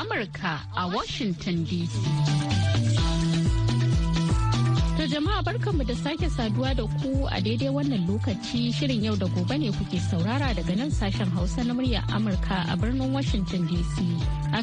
Amurka a Washington DC. To jama'a barkanmu da sake saduwa da ku a daidai wannan lokaci shirin yau da gobe ne kuke saurara daga nan sashen Hausa na muryar Amurka a birnin Washington DC.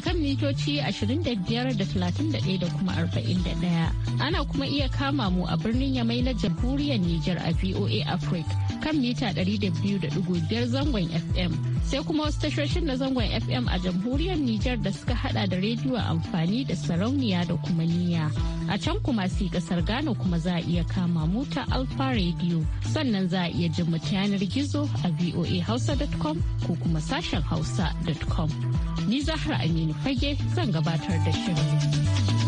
kan mitoci 25 da da kuma 41. Ana kuma iya kama mu a birnin Yamai na jamhuriyar Nijar a VOA Africa. kan mita 200.5 zangon FM. Sai kuma wasu tashoshin na zangon FM a jamhuriyar Nijar da suka hada da rediyo amfani da sarauniya da kuma niya. A can kuma si kasar Ghana kuma za a iya kama mu Alfa rediyo Sannan za a iya jin mu ta yanar gizo a voahausa.com ko kuma sashen hausa.com. Ni Zahra Aminu Fage zan gabatar da shirin.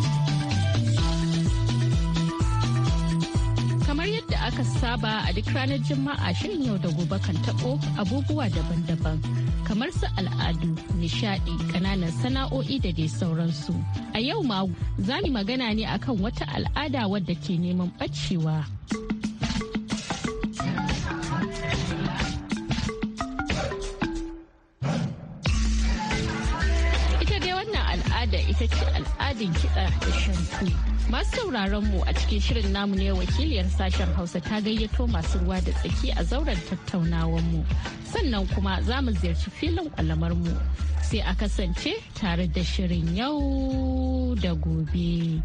aka saba a duk ranar Juma'a shirin yau da gobe kan taɓo abubuwa daban-daban kamar su al'adu, nishaɗi, ƙananan sana'o'i da dai sauransu. A yau ma za mu magana ne akan wata al'ada wadda ke neman ɓacewa. saki al'adin kiɗa da shantu. Masu sauraron mu a cikin shirin namu ne wakiliyar sashen Hausa ta gayyato masu ruwa da tsaki a zauren tattaunawar mu. Sannan kuma za mu ziyarci filin kwalamar mu. Sai a kasance tare da shirin yau da gobe.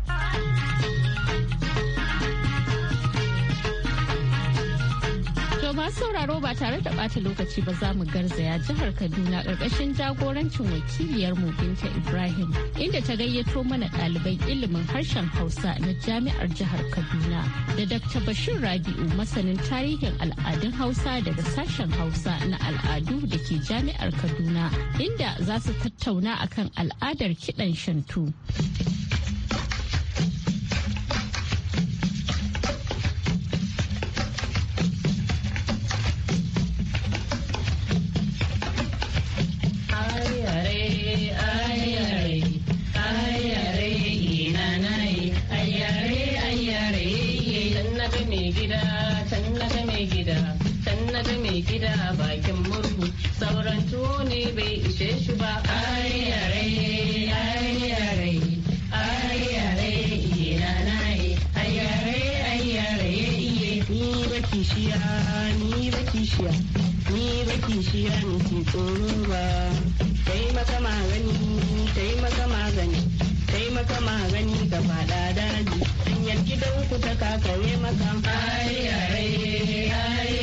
masu sauraro ba tare da ɓata lokaci ba za mu garzaya jihar Kaduna ƙarƙashin jagorancin wakiliyar mu Binta Ibrahim inda ta gayyato mana ɗaliban ilimin harshen Hausa na jami'ar jihar Kaduna da Dr. Bashir Rabi'u masanin tarihin al'adun Hausa daga sashen Hausa na al'adu da ke jami'ar Kaduna inda za su tattauna akan al'adar kiɗan shantu. kishiya ni ba kishiya ne ke tsoro ba maka magani maka magani maka magani ka fada daji hanyar gidan ku ta kakare maka ai ai ai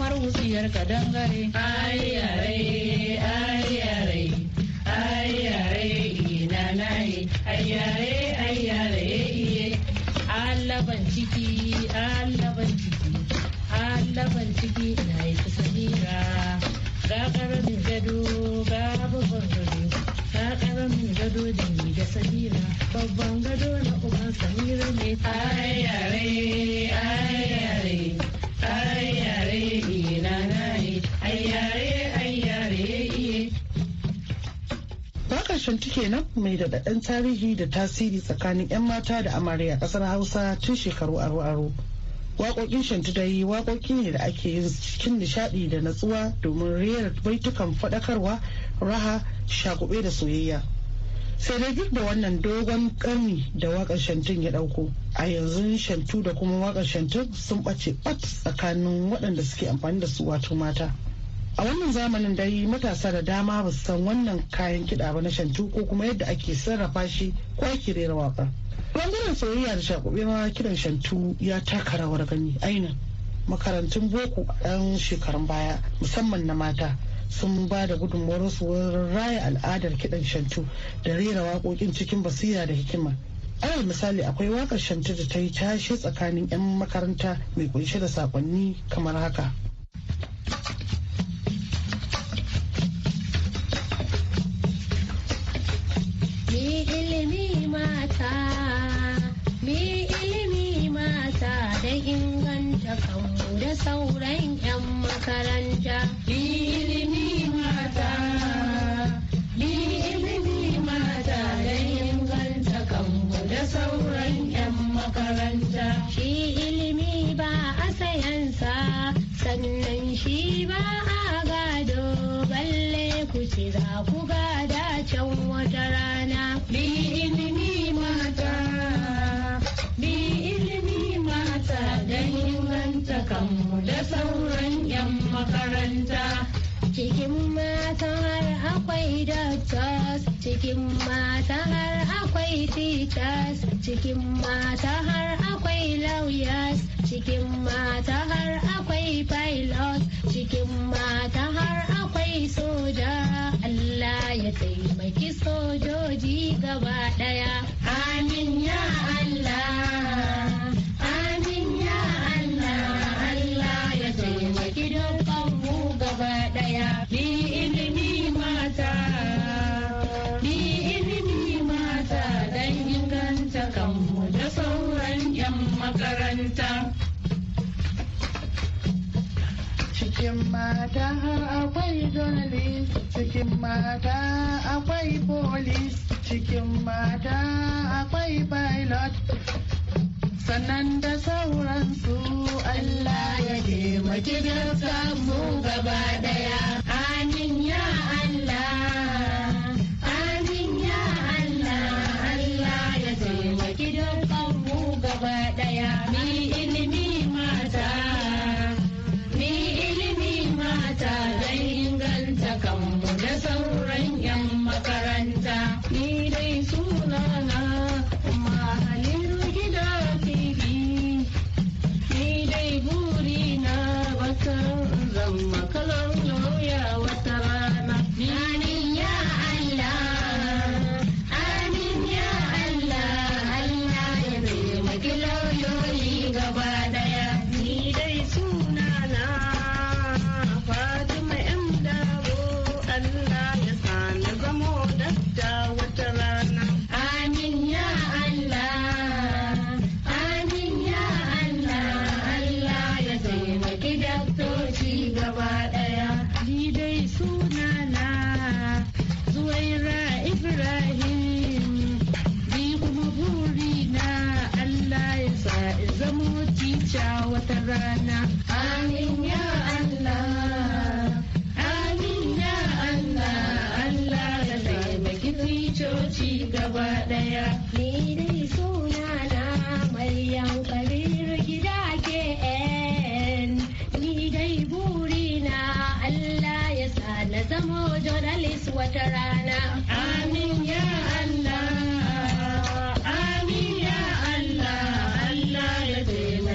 kamar wutsiyar ka dangare ayyare ai ayyare ina naye ai ayyare iye allaban ciki allaban ciki allaban ciki na yi ta samira ga karamin gado ga babban gado ga karamin gado da ni da samira babban gado na uban samira ne ai ayyare kashin tuke nan mai daɗaɗɗen tarihi da tasiri tsakanin 'yan mata da amarya ƙasar hausa tun shekaru aro-aro waƙoƙin yi waƙoƙi ne da ake yin cikin nishaɗi da natsuwa domin rera baitukan faɗakarwa raha shaƙuɓe da soyayya sai dai duk da wannan dogon karni da waƙar shantun ya dauko a yanzu shantu da kuma waƙar shantun sun ɓace bat tsakanin waɗanda suke amfani da su wato mata a wannan zamanin dai matasa da dama ba su san wannan kayan kiɗa ba na shantu ko kuma yadda ake sarrafa shi ko ake rera waka bangaren soyayya da shakuɓe ma kiɗan shantu ya taka rawar gani ainihin makarantun boko a ɗan shekarun baya musamman na mata sun ba da gudunmawarsu wurin raya al'adar kiɗan shantu da rera waƙoƙin cikin basira da hikima alal misali akwai wakar shantu da ta yi tashe tsakanin 'yan makaranta mai kunshe da saƙonni kamar haka za ku gada can wata rana bi ilimi mata bi ilimi mata don inganta kanmu da sauran 'yan makaranta cikin mata har akwai doctors cikin mata har akwai teachers cikin mata har akwai lawyers cikin mata har akwai pilots cikin mata har akwai soja ya taimaki sojoji gaba daya amin ya Allah mata har akwai journalist cikin mata akwai police cikin mata akwai pilot sannan da sauransu Allah ya taimaki samu gaba daya amin ya Allah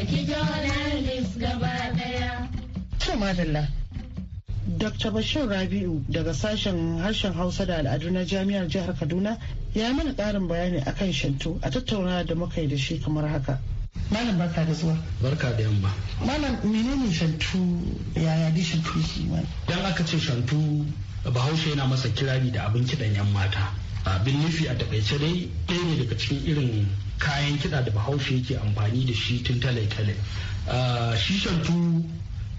saki gaba daya. madalla. Dr. Bashir Rabi'u daga sashen harshen Hausa da al'adu na Jami'ar Jihar Kaduna ya mana ƙarin bayani akan shantu a tattauna da muka yi da shi kamar haka. Malam barka da zuwa. Barka da yamma. Malam menene shantu yaya di shantu shi Dan aka ce shantu Bahaushe yana masa kirari da abin kiɗan 'yan mata. Abin nufi a takaice dai ɗaya ne daga cikin irin kayan kiɗa da bahaushe yake amfani da shi tun talai-talai ah, shi shantu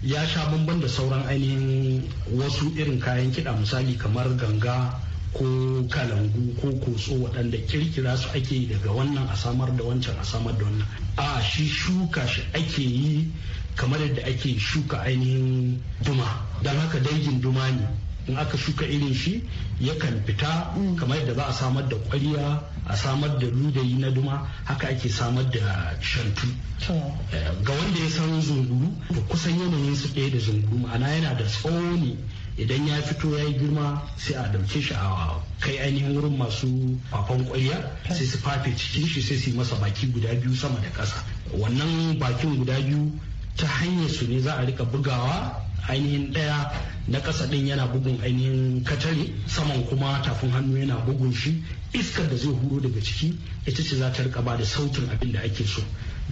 ya sha bamban da sauran ainihin wasu irin kayan kiɗa misali kamar ganga ko kalangu ko kotso waɗanda kirkira su ake yi daga wannan a samar da wancan a samar da wannan a ah, shi shuka shi ake yi kamar yadda ake shuka ainihin duma don haka dangin duma ne in aka shuka irin shi yakan fita kamar yadda za a samar da kwariya a samar da ludayi na duma haka ake samar da shantu eh, ga wanda ya san zunguru Da kusan yanayin su ɗaya da zunguru ma'ana yana da tsawo ne idan ya fito ya yi girma sai a dauke shi a kai ainihin wurin masu fafan kwariya sai su fafe cikin shi sai su masa baki guda biyu sama da ƙasa wannan bakin guda biyu ta hanyar su ne za a rika bugawa ainihin ɗaya na ƙasa ɗin yana bugun ainihin katare saman kuma tafin hannu yana bugun shi iskar da zai huro daga ciki ita ce za ta rika ba da sautin abin da ake so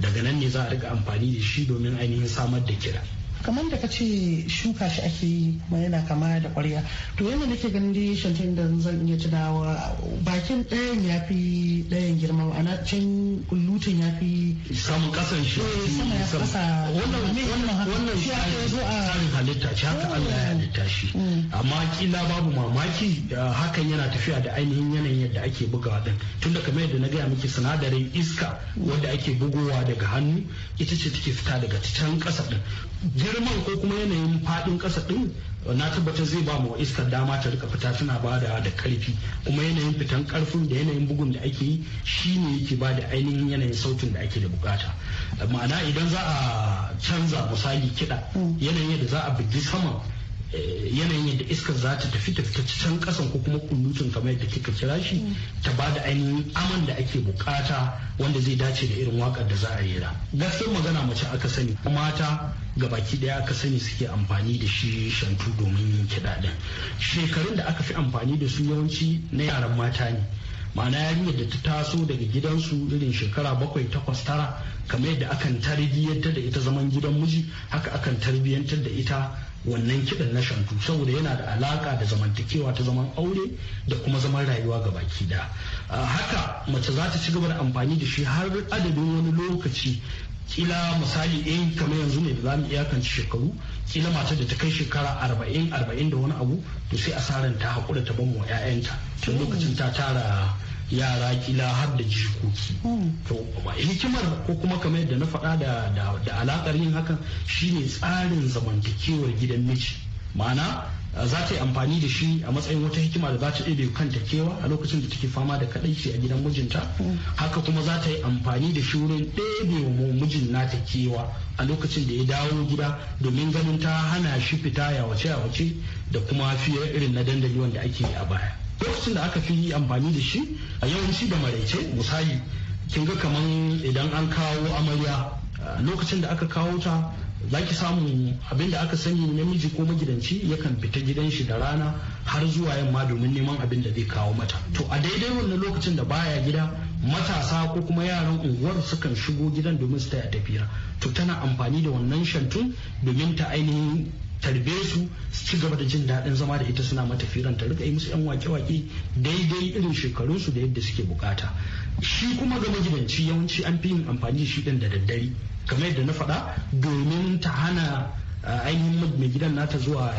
daga nan ne za a rika amfani da shi domin ainihin samar da kira kamar da ka ce shuka shi ake yi kuma yana kama da kwarya to yana nake ganin dai shantin da zan iya tunawa bakin ɗayan ya fi ɗayan girma ana can kullutun ya fi samun ƙasan shi eh, sama ya wannan zo a halitta shi haka Allah ya halitta shi hmm. Hmm. amma kila babu mamaki eh, hakan yana tafiya da ainihin yanayin yadda ake bugawa din tunda kamar yadda na gaya miki sinadarin iska wanda ake bugowa daga hannu ita ce take fita daga can kasa din girman ko kuma yanayin fadin kasa ɗin na tabbatar zai ba mu iskar dama ta rika fita tana ba da da karfi kuma yanayin fitan karfin da yanayin bugun da ake yi shine yake ba da ainihin yanayin sautin da ake da bukata ma'ana idan za a canza misali kiɗa mm. yanayin da za a bugi sama yanayin yadda iskar za ta tafi ta can kasan ko kuma kullutun kamar yadda kika kira shi ta ba da ainihin aman da ake bukata wanda zai dace da irin wakar da za a yi ra magana mace aka sani mata ga baki daya aka sani suke amfani da shi shantu domin yin kiɗa shekarun da aka fi amfani da su yawanci na yaran mata ne ma'ana yarinyar da ta taso daga gidansu irin shekara bakwai takwas tara kamar yadda akan tarbiyyantar da ita zaman gidan miji haka akan tarbiyyantar da ita wannan kiɗan na shantu saboda yana da alaƙa da zamantakewa ta zaman aure da kuma zaman rayuwa ga baki da haka mace za ta ci gaba da amfani da shi har adadin wani lokaci kila misali in eh, kamar yanzu ne da za mu iyakance shekaru kila matar da ta kai shekara arba'in arba'in da wani abu to sai asaran ta haƙura ta bamu 'ya'yanta tun lokacin ta tara yara kila har da jikoki to hikimar ko kuma kamar yadda na faɗa da da alakar yin hakan shine tsarin zamantakewar gidan miji ma'ana za ta yi amfani da shi a matsayin wata hikima da za ta ɗebe ta kewa a lokacin da take fama da kaɗaici a gidan mijinta haka kuma za ta yi amfani da shi wurin ɗebe wa mijin ta kewa a lokacin da ya dawo gida domin ganin ta hana shi fita ya wace ya wace da kuma fiye irin na dandali wanda ake yi a baya lokacin da aka fi yi amfani da shi a yawanci da maraice misali kin ga kaman idan an kawo amarya lokacin da aka kawo ta za ki samu abin da aka sani namiji ko magidanci yakan fita gidan shi da rana har zuwa yamma domin neman abin da zai kawo mata to a daidai wannan lokacin da baya gida matasa ko kuma yaran unguwar sukan shigo gidan domin su taya tafira to tana amfani da wannan shantun domin ta ainihin tarbe su su ci gaba da jin daɗin zama da ita suna mata firan ta rika yi musu yan wake-wake daidai irin shekarun su da yadda suke bukata shi kuma ga magidanci yawanci an fi yin amfani shi ɗin da daddare kamar yadda na faɗa domin ta hana ainihin mai gidan nata zuwa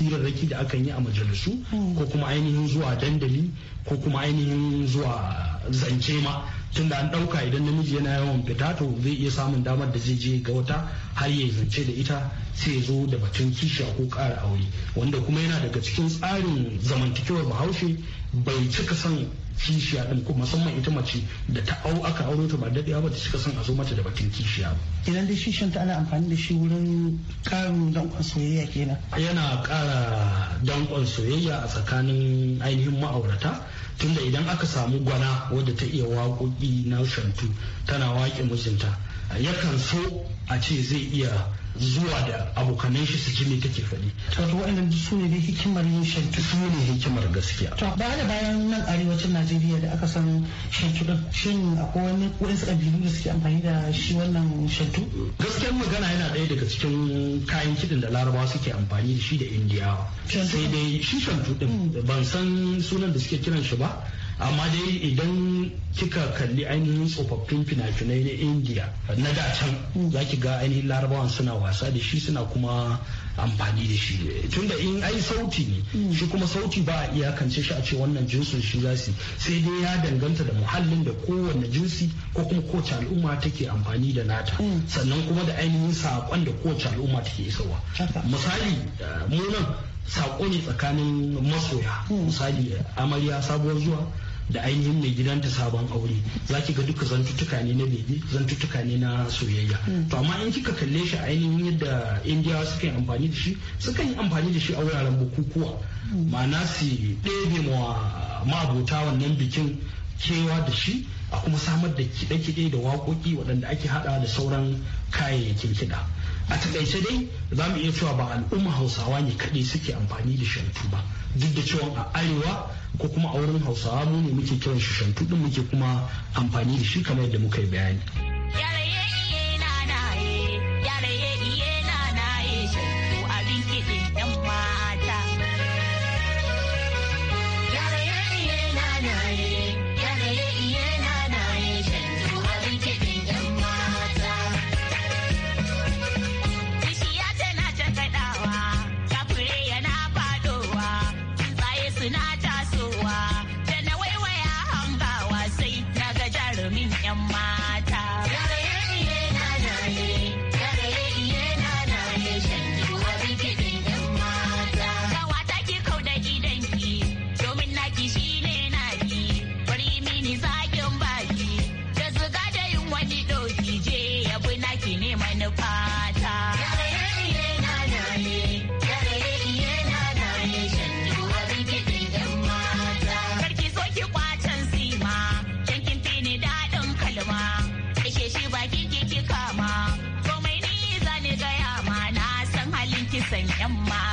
hirarraki da akan yi a majalisu ko kuma ainihin zuwa dandali ko kuma ainihin zuwa zance ma tunda an ɗauka idan namiji yana yawan fita to zai iya samun damar da zai je ga wata har ya zance da ita sai ya zo da batun kishiya ko ƙara aure wanda kuma yana daga cikin tsarin zamantakewar bahaushe bai cika son kishiya din ko musamman ita mace da ta au aka aure ta ba daɗewa ba ta cika son a zo mata da batun kishiya ba. Idan da shishin ta ana amfani da shi wurin ƙarin danƙon soyayya kenan. Yana ƙara danƙon soyayya a tsakanin ainihin ma'aurata tunda idan aka samu gwana wadda ta iya waƙoƙi na shantu tana waƙe mijinta yakan so a ce zai iya zuwa da abokanan shi su ji me kake faɗi. Wato su ne dai hikimar yin shantu. Su ne hikimar gaskiya. To ba da bayan nan arewacin Najeriya da aka san shantu ɗin shin akwai wani wasu ƙabilu da suke amfani da shi wannan shantu? Gaskiyar magana yana ɗaya daga cikin kayan kiɗin da Larabawa suke amfani da shi da Indiyawa. Sai dai shi shantu ɗin mm. ban san sunan da suke kiran shi ba. amma dai idan kika kalli ainihin tsofaffin fina-finai na indiya na da can mm. za ki ga ainihin larabawan suna wasa da shi suna kuma amfani da shi tunda in ai sauti ne mm. shi kuma sauti ba a iyakance shi a ce wannan jinsin shi za su sai dai ya danganta da muhallin da kowane jinsi ko kuma kowace al'umma take amfani da nata mm. sannan kuma da ainihin saƙon da kowace al'umma take isowa misali eh, mu nan saƙo ne tsakanin masoya misali eh, amarya sabuwar zuwa da ainihin mai gidanta sabon aure za ki ga duka zantuttuka ne na bebe zantuttuka ne na soyayya hmm. to amma in kika kalle shi ainihin yadda indiyawa suka yi amfani da shi suka yi amfani da shi a wuraren bukukuwa hmm. ma'ana su ɗebe ma ma'abota wannan bikin kewa da shi a kuma samar da kiɗe-kiɗe da waƙoƙi waɗanda ake haɗa da sauran kayayyakin kiɗa a takaice dai za mu iya cewa ba al'umma hausawa ne kaɗai suke amfani da shantu ba duk da cewa a arewa ko kuma a wurin hausawa mu ne muke kiran shi shantu ɗin muke kuma amfani da shi kamar yadda muka yi bayani. My.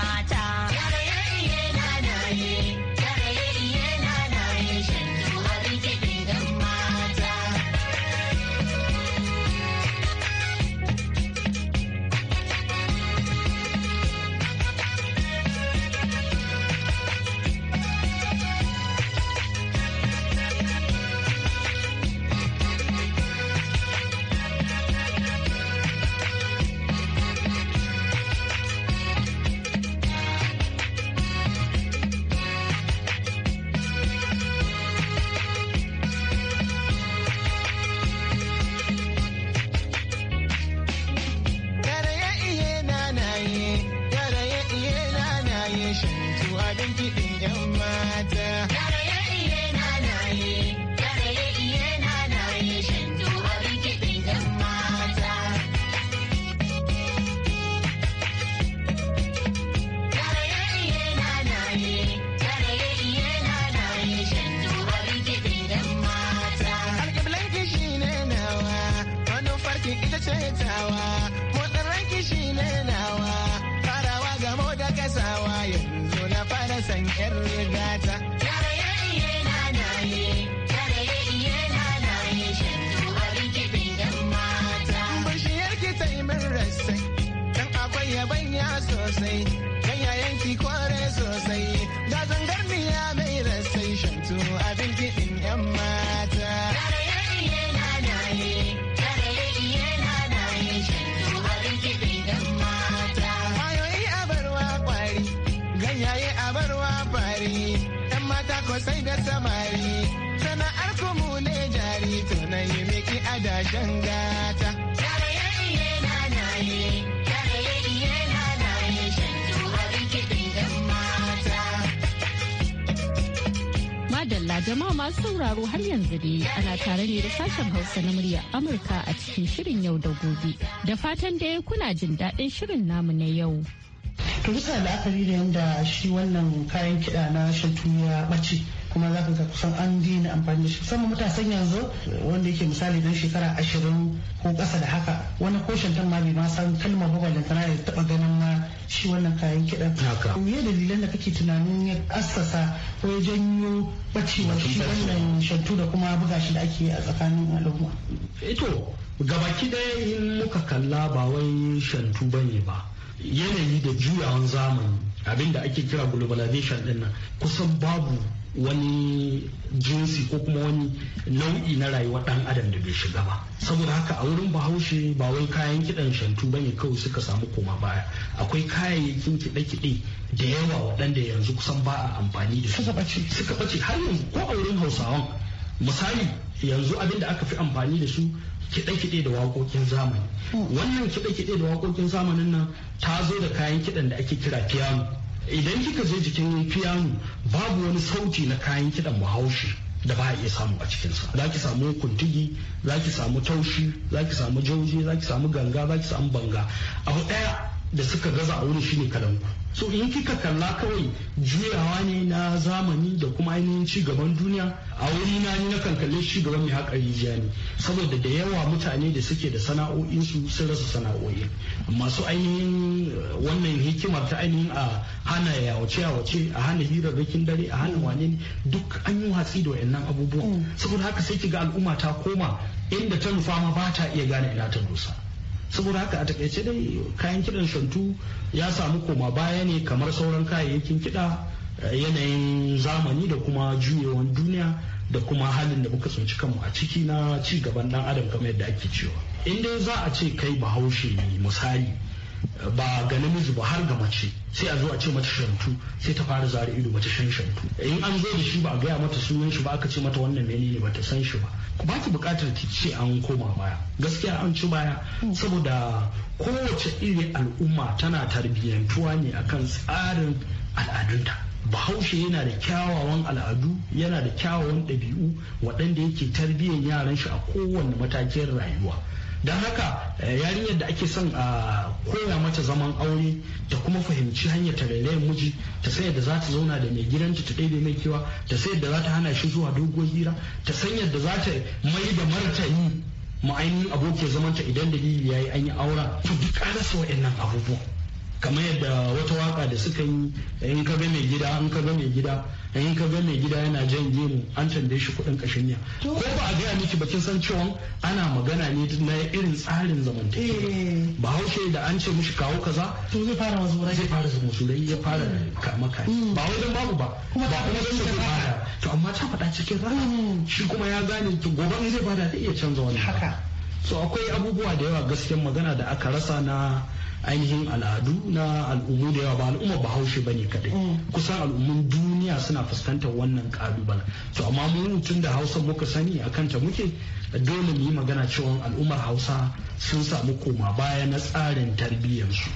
mata ko sai da samari sana'ar mu ne jari to na yi miki adashen gata Madalla jama'a masu sauraro har yanzu dai ana tare ne da sashen Hausa na murya Amurka a cikin shirin yau da gobe. Da fatan dai kuna jin daɗin shirin namu na yau. to bisa la'akari da yadda shi wannan kayan kiɗa na shantu ya ɓace kuma za ka ga kusan an daina amfani da shi musamman matasan yanzu wanda yake misali dan shekara ashirin ko ƙasa da haka wani ko shantan ma bai ma san kalmar tana da taɓa ganin ma shi wannan kayan kiɗan. Haka. dalilan da kake tunanin ya assasa ko ya janyo ɓacewar shi wannan shantu da kuma buga shi da ake yi a tsakanin al'umma? Ito eh gabaki ɗaya in muka kalla ba wai shantu bane ba. yanayi da juyawan zamani abin da ake kira globalization din nan kusan babu wani jinsi ko kuma wani nau'i na rayuwa dan adam da bai shiga ba saboda haka a wurin bahaushe ba wai kayan kidan shantu bane kawai suka samu koma baya akwai kayayyakin kiɗe-kiɗe da yawa waɗanda yanzu kusan ba a amfani da su. suka bace suka bace har yanzu ko a wurin hausawan misali yanzu abin da aka fi amfani da su kiɗe-kiɗe da waƙoƙin zamani hmm. wannan kiɗe-kiɗe da waƙoƙin zamanin nan ta zo da kayan kiɗan da ake kira piano idan kika je jikin piano babu wani sauti na kayan kiɗan bahaushe da ba a iya samu a cikinsa za ki samu kuntigi za ki samu taushi za ki samu jauje za ki samu ganga za ki samu banga abu ɗaya da suka gaza a wuri shine kalangu so in kika kalla kawai juyawa ne na zamani da kuma ainihin ci gaban duniya a wuri na ni na kalle shi gaban mai haƙa rijiya ne saboda da yawa mutane da suke da sana'o'insu sun rasa sana'o'i masu ainihin eh, wannan hikimar ta ainihin a hana yawace yawace a hana hirarrakin dare a hana wane duk an yi watsi da wayannan abubuwa mm. saboda haka sai ki ga al'umma ta koma inda ta nufa ma ba ta iya gane ina ta dosa saboda haka a takaice dai kayan kiɗan shantu ya samu koma baya ne kamar sauran kayayyakin kiɗa eh, yanayin zamani da kuma juyewan duniya da kuma halin da muka tsinci kanmu a ciki na ci gaban dan adam kamar yadda ake cewa in dai za a ce kai bahaushe ne misali eh, ba ga namiji ba har ga mace sai a zo a ce mata shantu sai ta fara zare ido bata san shantu in an zo da shi ba a gaya mata sunan shi ba aka ce mata wannan ba ta san shi ba ba ki bukatar ki ce an koma baya gaskiya an ci baya saboda kowace irin al'umma tana tarbiyyantuwa ne akan tsarin al'adunta bahaushe yana da kyawawan al'adu yana da kyawawan ɗabi'u waɗanda yake tarbiyyar yaran shi a kowane matakin rayuwa don haka eh, yarinyar da ake son a ah, koya mata zaman aure ta kuma fahimci hanyar ta rairayin miji ta san yadda za ta zauna da mai gidanta ta ɗebe mai kewa ta san yadda za ta hana shi zuwa doguwar hira ta san yadda za ta mai da martani ma'ainihin abokin zamanta idan dalili ya yi an yi aura to duk an rasa wa'annan abubuwa. kamar yadda wata waka da suka yi in ka ga mai gida in ka ga mai gida in ka ga mai gida yana jan gemu an tambaye shi kuɗin kashin ko ba a gaya miki bakin san cewa ana magana ne na irin tsarin zamantakewa eh. ba haushe da an ce mishi kawo kaza to zai fara mazurai zai fara mazurai ya fara mm. kama kai mm. ba wajen babu ba Kuma ba kuma zai fara to amma ta faɗa cikin rana mm. shi kuma ya gane to gobe zai bada da iya canza wani haka so akwai abubuwa da yawa gaskiyar magana da aka rasa na ainihin al'adu na al'ummu da yawa ba al'ummar bahaushe ba ne kadai mm. kusan al'ummun duniya suna fuskantar wannan kalubalen to amma mu tun da hausa muka sani a kanta muke dole mu yi magana cewa al'ummar hausa sun samu koma baya na tsarin tarbiyyarsu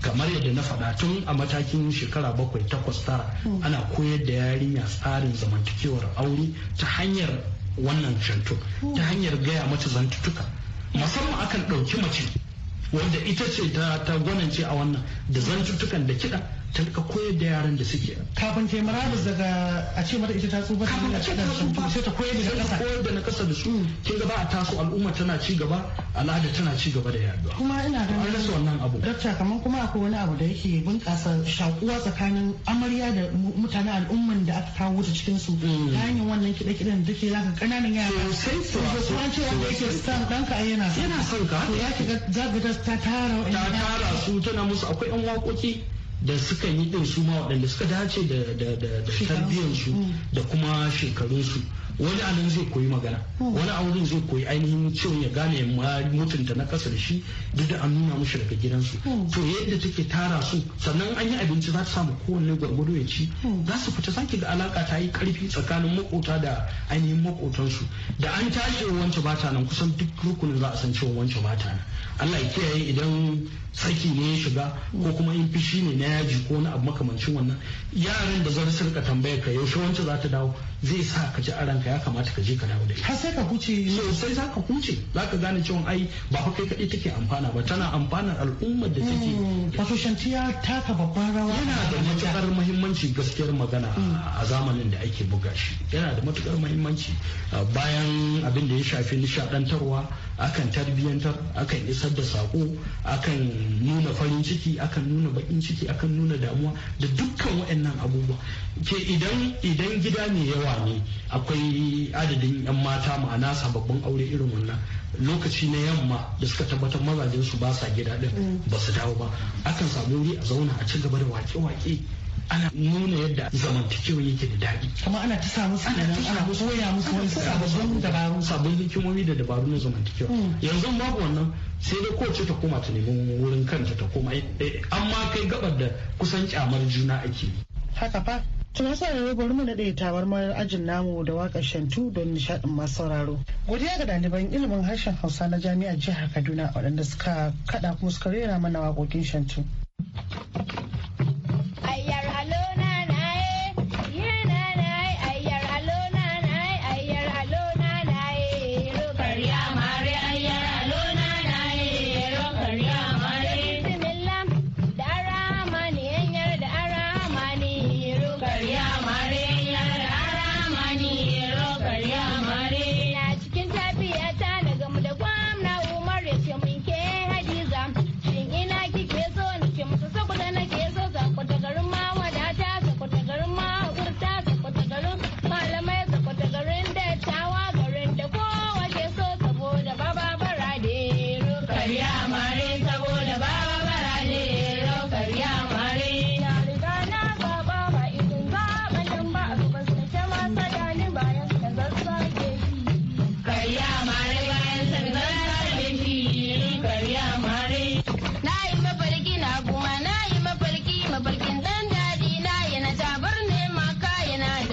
kamar yadda na faɗa tun a matakin shekara bakwai takwas tara mm. ana koyar da yarinya tsarin zamantakewar aure ta hanyar wannan canto ta mm. hanyar gaya mata zantutuka musamman akan ɗauki mace wanda ita ce ta gwanince a wannan da zantuttukan da kiɗa ta rika koyar da yaran da suke kafin ta yi daga a ce mata ita ta tsufa kafin ta ce ta koyar da na kasa koyar da na su kin gaba a taso al'umma tana ci gaba al'ada tana ci gaba da yaduwa kuma ina ganin an rasa wannan abu dakta kaman kuma akwai wani abu da yake bunkasa shakuwa tsakanin amarya da mutanen al'umman da aka kawo ta cikin su mm. ta hanyar wannan kiɗe-kiɗen da take zaka kananan yara sai su su an ce wanda yake son ɗanka yana son yana son ka to ya kiga zaka ta tara ta tara su tana musu akwai yan waƙoƙi da suka yi din su ma waɗanda suka dace da tarbiyyarsu mm. da kuma shekarunsu wani a nan zai koyi magana wani a wurin zai koyi ainihin cewa ya gane mutunta na kasa da shi duk da an nuna mushi daga gidansu to yadda take tara su sannan an yi abinci za ta samu kowanne gwargwado ya ci za su fita sake ga alaka ta yi karfi tsakanin makota da ainihin makotansu da an tashi wancan bata nan kusan duk rukunin za a san cewa wancan bata nan Allah ya kiyaye idan saki ne ya shiga ko kuma in fishi ne na yaji ko wani abu makamancin wannan yaran da za su rika tambaya ka yaushe wancan za ta dawo zai sa ka ji a ka ya kamata ka je ka dawo da ita har sai ka huce sosai za ka huce za ka gane cewa ai ba fa kai kaɗai take amfana ba tana amfanar al'ummar da take hmm. wato shantiya taka babban rawa yana da matukar mahimmanci gaskiyar magana hmm. a zamanin da ake buga shi yana da matukar muhimmanci ah, bayan abin da ya shafi nishaɗantarwa. akan tarbiyyantar akan isar da sako akan nuna farin ciki akan nuna bakin ciki akan nuna damuwa da dukkan waɗannan abubuwa ke idan idan gida ne yawa yawa ne akwai adadin 'yan mata ma'ana sababbin aure irin wannan lokaci na yamma da suka tabbatar mazajen su ba sa gida din ba su dawo ba akan samu wuri a zauna a ci gaba da wake-wake ana nuna yadda zamantakewa yake da daɗi kuma ana ta samu ana ana koya musu wani sababbin dabaru sabbin hikimomi da dabaru na zamantakewa hmm. yanzu babu wannan sai dai kowace ta koma ta neman wurin kanta ta koma eh, eh, amma kai gabar da kusan kyamar juna ake haka fa Tuna sauraro bari mu naɗe mayar ajin namu da waƙar shantu don nishaɗin masu sauraro. Godiya ga ɗaliban ilimin harshen Hausa na jami'ar jihar Kaduna waɗanda suka kaɗa kuma suka rera mana waƙoƙin shantu.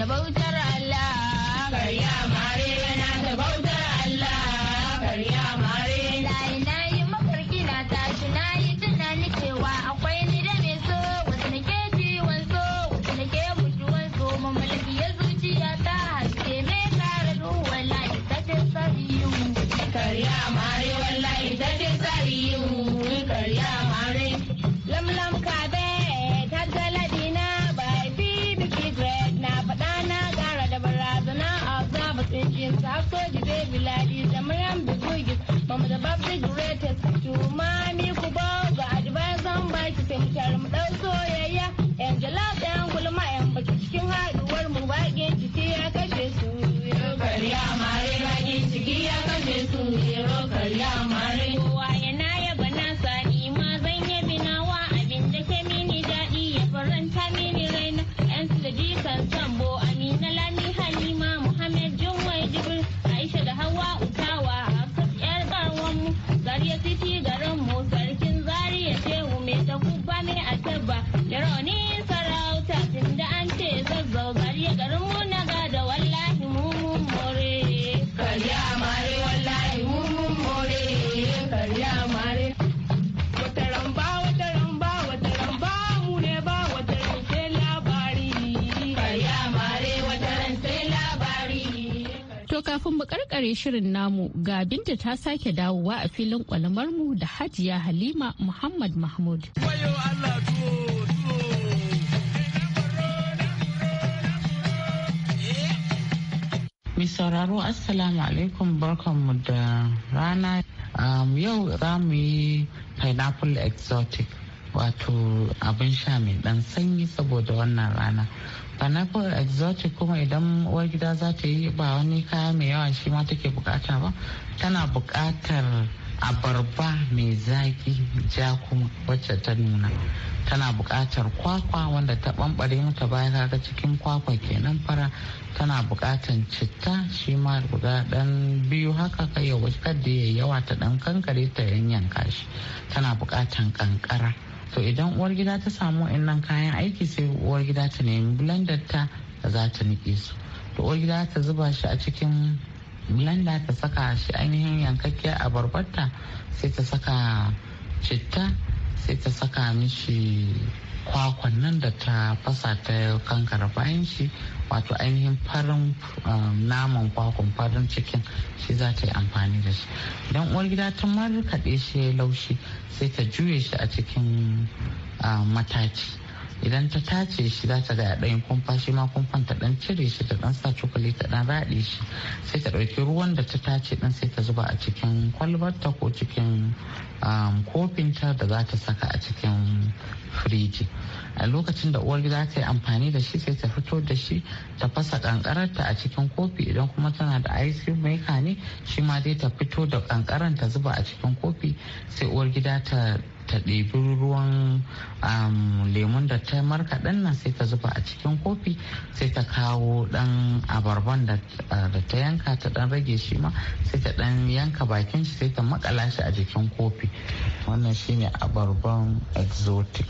da bautar shirin namu ga binta ta sake dawowa a filin mu da hajiya halima muhammad mahmud. Mai sauraro Assalamu alaikum barkanmu da rana. yau za mu yi pineapple exotic. wato abin sha mai dan sanyi saboda wannan rana pineapple exotic kuma idan uwar gida za ta yi ba wani kaya mai yawa shi ma take bukata ba tana bukatar abarba mai zaki ja kuma wacce ta nuna tana bukatar kwakwa wanda ta ɓamɓare mata baya kaga cikin kwakwa kenan fara tana bukatar citta shi ma guda dan biyu haka kai ya wuce da yawa ta ɗan kankare ta yanyanka shi tana bukatar kankara To idan uwar gida ta samu innan kayan aiki sai uwar gida ta nemi blender ta za ta nike su to uwar gida ta zuba shi a cikin blender ta saka shi ainihin yankakke a barbarta sai ta saka citta sai ta saka mishi kwakwan nan da ta fasa ta kankara bayan shi wato ainihin farin um, naman kwakwan farin cikin shi za ta yi amfani da shi don uwar gida ta markaɗe shi ya laushi sai ta juye shi a cikin um, mataci idan ta tace shi za ta ga ɗayan kumfa shi ma kumfan ta ɗan cire shi ta ɗan sa cokali ta ɗan raɗe shi sai ta ɗauki ruwan da ta tace ɗin sai ta zuba a cikin kwalbarta ko cikin um, kofinta da za ta saka a cikin firiji a lokacin da uwar gida ta yi amfani da shi sai ta fito da shi ta fasa kankararta a cikin kofi idan kuma tana da ice cream maker ne shi ma dai ta fito da kankaran ta zuba a cikin kofi sai uwar gida ta ta ɗebi ruwan um, lemun da ta ɗan nan sai ta zuba a cikin kofi sai ta kawo ɗan abarban uh, da ta yanka ta ɗan rage shi ma sai ta ɗan yanka bakin shi sai ta makala shi a jikin kofi wannan shine abarban exotic.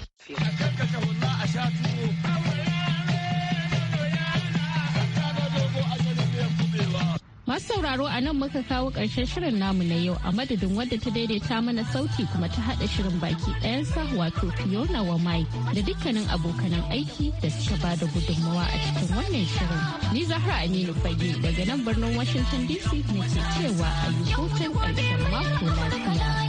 Masu sauraro a nan muka kawo ƙarshen shirin namu na yau a madadin wadda ta daidaita mana sauti kuma ta haɗa shirin baki ɗayansa wato Fiona wa Mai da dukkanin abokanan aiki da suka ba da gudunmawa a cikin wannan shirin. Ni Zahra Aminu Fage daga nan birnin Washington DC nake cewa a yi hutun ƙarshen mako lafiya.